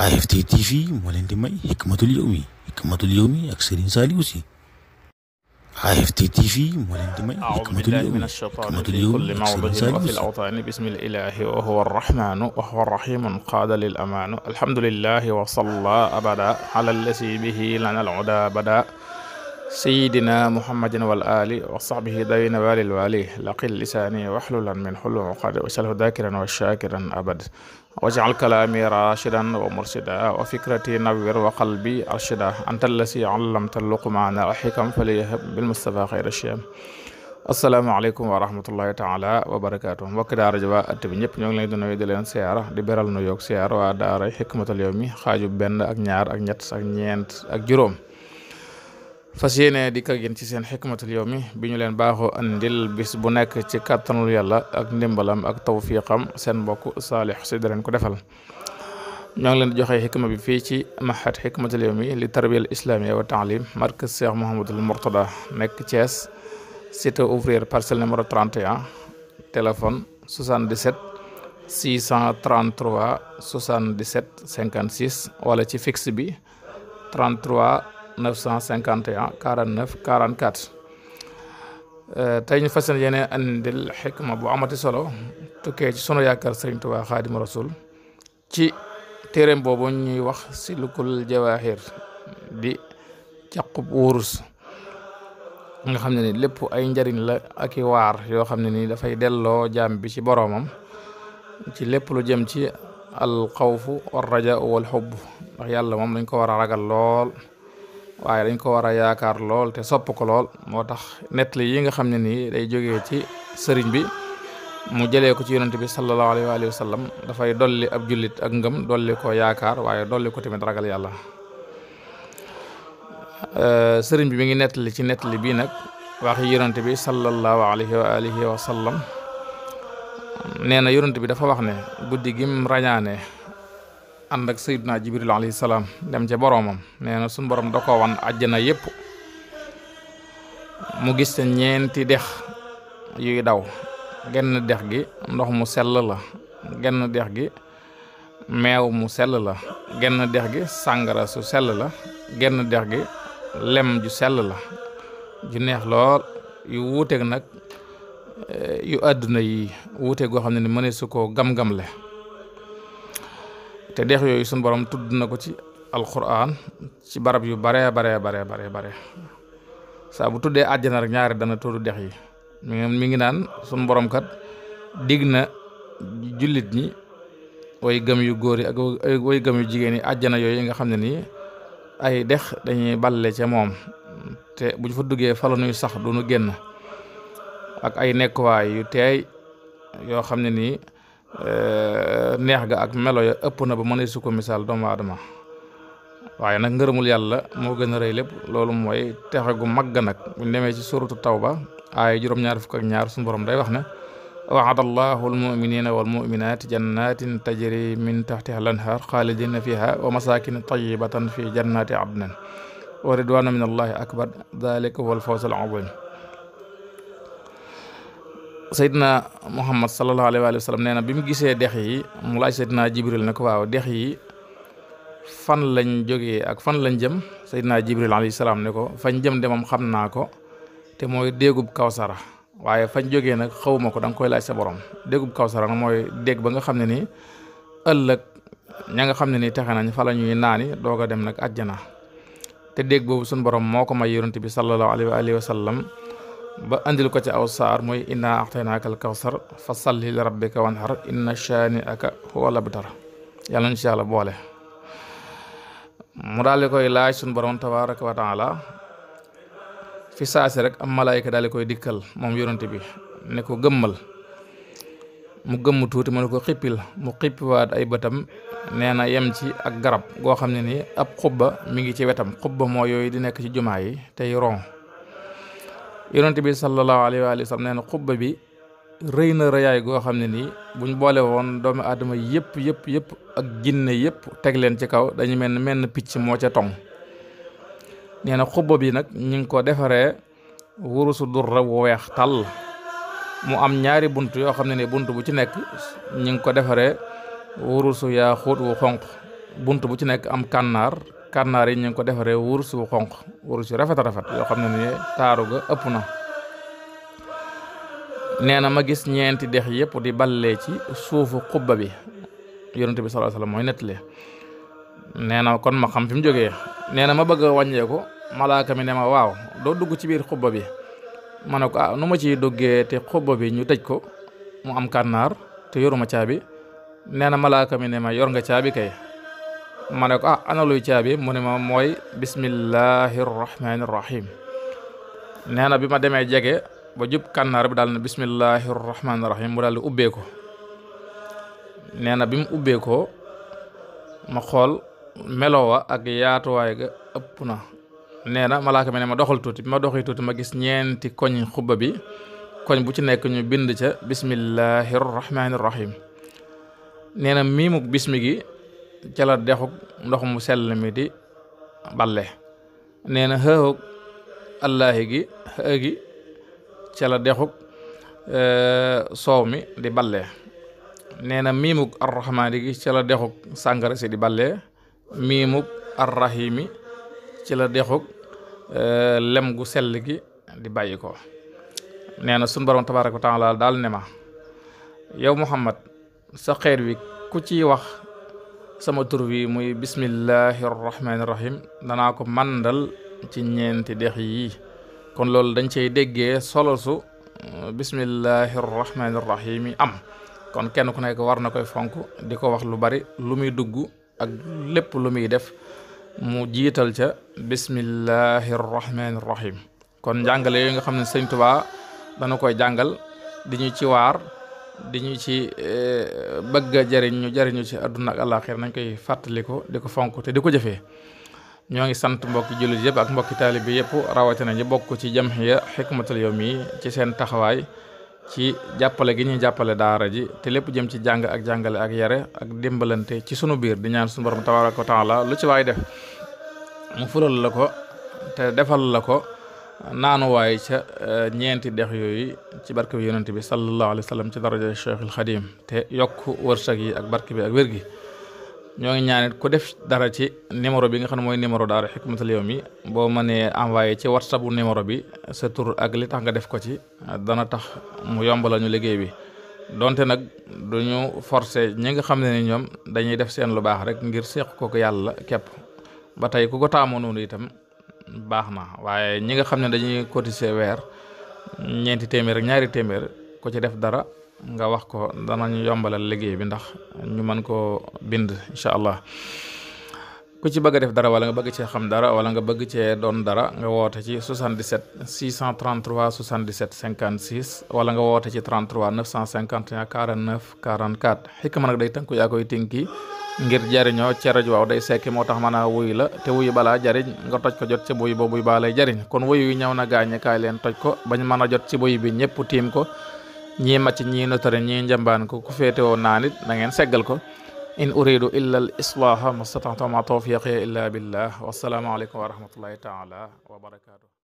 AFT TV moo leen di may Hikmatul Yawmi Hikmatul Yawmi ak Serigne Saliou Sy AFT TV moo leen di may Hikmatul Yawmi Hikmatul Yawmi ak Serigne Saliou Sy fi l-awtaani bismi l-ilaahi wa huwa r-rahmaanu wa huwa r-rahiimu qaada lil amaanu alhamdulillahi wa salla abada ala allazi bihi lana l-udaa bada sayidina muhammadin wal ali wa sahbihi dawina walil wali laqil lisaani waxlulan min xulum uqad wasalhu dakiran wa shakiran abad wajal kalaami rashidan wa mursida wa fikrati nawir wa qalbi arshida anta allasi allamta luqmaana alxikam faliyahab bilmustafa xayra shiyam asalaamaaleykum wa rahmatullahi taala wa barakaatu mbokki daara ji waa at bi ñëpp ñoo ngi leen di nuyu di leen siyaara di beral nu yoog siyaar waa daara xikmatul yawmi xaaju benn ak ñaar ak ñett ak ñeent ak juróom fas yéene di kak ci seen xikmatul yawmi bi ñu leen baaxoo andil bis bu nekk ci kàttanul yàlla ak ndimbalam ak tawfiqam seen mbokk saalix si dareen ko defal ñoo ngi leen di joxe xikma bi fii ci mahad xikmatul yawmi li tarbiyatul islamiyya wa taalim markaz cheikh mouhamadul mourtada nekk Thiès cité ouvrière parcelle numéro 31 téléphone 77 633 77 56 wala ci fix bi 951 49 44 tey ñu fas yéene andil xikma boo amati solo tukkee ci sunu yaakaar sëriñ Tuubaa Xaadimu Rasuul ci téeréem boobu ñuy wax si lukul jawaaxir di caqub wurus nga xam ne ni lépp ay njariñ la ak waar yoo xam ne ni dafay delloo jaam bi ci boroomam ci lépp lu jëm ci al xawfu ar rajaa wal xubb ndax yàlla moom lañ ko war a ragal lool waaye dañ ko war a yaakaar lool te sopp ko lool moo tax nettali yi nga xam ne nii day jógee ci sëriñ bi mu jëlee ko ci yonent bi sallallahu alayhi wa sallam dafay dolli ab jullit ak ngëm dolli ko yaakaar waaye dolli ko tamit ragal yàlla euh, sëriñ bi mi ngi nettali ci nettali bii nag waxi yonent bi sallallahu alayhi wa alihi wa sallam na yonent bi dafa wax ne guddi gim ràñaane ànd ak sayyiduna jibril alayhi salaam dem ca boroomam nee na suñu borom da ko wan àjjana yépp mu gis ca ñeenti dex yuy daw genn dex gi ndox mu sell la genn dex gi meew mu sell la genn dex gi sàngara su sell la genn dex gi lem ju sell la ju neex lool yu wuuteeg nag eh, yu àdduna yi wuuteeg goo xam ne ni mëne su koo gam-gamle te dex yooyu suñu borom tudd na ko ci alquran ci barab yu bare bare bare bare bare saa bu tuddee àjjana rek ñaari dana tudd dex yi mi ngi naan suñu boroom kat digg na jullit ñi way gëm yu góor yi ak way gëm yu jigéen yi àjjana yooyu nga xam ne nii ay dex dañuy balle ca moom te bu ñu fa duggee fa la sax du ñu génn ak ay nekkuwaay yu teey yoo xam ne nii Eh, neex ga ak melo ya ëpp na ba mën su ko misaal doomu aadama waaye nag ngërëmul yàlla moo gën a rëy lépp loolu mooy texe gu mag nag buñ demee ci suratu tawba aaya juróom-ñaar fukk ñaar suñu day wax ne wa'ada allahu almuminina walmuminati jannatin tajri min taxtiha al-anhar xaalidina fiha wa a tayyibatan fi jannati adnin wa ridwana min allahi akbar dalika huwa alfawz al-azim Seydina Muhammad sallallahu alayhi wa sallam nee na bi mu gisee dex yi mu laaj Seydina Jibril ne ko waaw dex yi fan lañ jógee ak fan lañ jëm Seydina Jibril alayhi salaam ne ko fañ jëm de moom xam naa ko te mooy déegub Kawsara waaye fañ jógee nag xawuma ko da nga koy laaj sa borom déegub Kawsara nag mooy déeg ba nga xam ne ni ëllëg ña nga xam ne ni texe nañ fa la ñuy naani doog a dem nag àjjana te déeg boobu suñ borom moo ko may yonent bi sallallahu alayhi wa ba andil ko ci aw saar mooy inna axtaynaaka al kawsar fa salli li rabbika wanhar inna shaani aka huwa labtar yàlla nañ ci yàlla boole mu daal koy laaj suñu borom tabaraka wa taala fi saasi rek am malaayka daal di koy dikkal moom yonent bi ne ko gëmmal mu gëmm tuuti mu ne ko xippil mu xippiwaat ay bëtam nee na yem ci ak garab goo xam ne ni ab xubba mu ngi ci wetam xubba moo yooyu di nekk ci jumaa yi tey ron yonent bi sallallahu alayhi wa sallam nee na xubba bi rëy na rëyaay goo xam ne nii buñ boole woon doomu aadama yëpp yëpp yëpp ak ginne yëpp teg leen ci kaw dañu mel ni menn picc moo ca tong nee na xubba bi nag ñu ngi ko defaree wurusu durra bu weex tàll mu am ñaari bunt yoo xam ne nii bunt bu ci nekk ñu ngi ko defaree wurusu yaa wu xonq bunt bu ci nekk am kànnaar kànnaar yi ñu ngi ko defaree wurus wu xonq wurus yu rafet a rafet yoo xam ne ni taaru ga ëpp na nee na ma gis ñeenti dex yépp di ballee ci suufu xubba bi yonent bi sallallahu mooy nettali nee na kon ma xam fi mu jógee nee na ma bëgg a wàññeeku malaaka mi ne ma waaw doo dugg ci biir xubba bi ma ne ko ah nu ma ciy duggee te xubba bi ñu tëj ko mu am kànnaar te yoruma caabi nee na malaaka mi ne ma yor nga caabi kay ma ne ko ah ana luy caabi mu ne ma mooy bismillahi rahmaani rahim nee na bi ma demee jege ba jub kànnaar bi daal ne bismillahi rahmaani rahim mu daal di ubbee ko nee na bi mu ubbee ma xool melowa ak yaatuwaay ga ëpp na nee na malaaka mi ne ma doxal tuuti bi ma doxee tuuti ma gis ñeenti koñ xubba bi koñ bu ci nekk ñu bind ca bismillahi rahmaani rahim nee na bismi gi ca la dexug ndox mu sell mi di balle nee na xëxug allaahi gi xë gi ca eh, soow mi di balle nee na miimug arrahmaani gi ca la sàngara si di balle miimug arrahimi ci la dexug eh, lem gu sell gi di bàyyi ko nee na sun borom tabaaraka wa daal ne ma yow Muhammad sa xeet wi ku ciy wax sama tur wi muy bismillahi rahmaani rahim danaa ko màndal ci ñeenti dex yi kon loolu dañ cey déggee solo su uh, bismillahi rahmaani rahim yi am kon kenn ku nekk war na koy fonk di ko wax lu bari lu muy dugg ak lépp lu muy def mu jiital ca bismillahi rahmaani rahim kon njàngale yooyu nga xam ne sëñ Tuubaa koy jàngal di ñu ci waar di ñu ci eh, bëgg jariñ ñu jariñu ci àdduna ak àllaaxir nañ koy fàttaliku di ko fonk te di ko jëfee ñoo ngi sant mbokki jullit yëpp ak mbokki taali bi yëpp rawatina ñu bokk ci jamhiya xikmatul yawmi ci seen taxawaay ci jàppale gi ñuy jàppale daara ji te lépp jëm ci jàng ak jàngale ak yere ak dimbalante ci sunu biir di ñaan sunu borom tabaaraka wa taala lu ci waay def mu fulal la ko te defal la ko naanuwaay ca eh, ñeenti dex yooyu ci barke bi yonent bi sallallahu alayhi wa sallam ci daraja Cheikhul Xadim te yokk wërsëg yi ak barke bi ak wér gi ñoo ngi ñaanit ku def dara ci numéro bi nga xam ne mooy numéro daara Hikmatul Yawmi boo mënee envoyé ci whatsapp bu numéro bi sa tur ak li tax nga def ko ci dana tax mu yombal ñu liggéey bi donte nag du ñu ñi nga xam ne ni ñoom dañuy def seen lu baax rek ngir seq ko ko yàlla képp ba tey ku ko taamu noonu itam baax na waaye ñi nga xam ne dañuy cotiser weer ñeenti téeméer ñaari téeméer ku ci def dara nga wax ko danañu yombalal liggéey bi ndax ñu mën koo bind incha allah ku ci bëgg def dara wala nga bëgg cee xam dara wala nga bëgg cee doon dara nga woote ci 77 633 77 56 wala nga woote ci 33 951 49 44 xikma nag day tënku yaa koy tinki ngir jariñoo ci rajo waaw day sekki moo tax mën a wuy la te wuy balaa jariñ nga toj ko jot ci buy boobu baa lay jariñ kon wuy yu ñaw na gaañe kaay leen toj ko bañ mën a jot ci buy bi ñëpp tiim ko ñii mat ci ñii notari ñii njambaan ko féete woo naa nit na ngeen seggal ko in uridu illa al islaha mastata'tu ma tawfiqi illa billah wassalaamu aleykum wa rahmatullahi taala wa barakatuh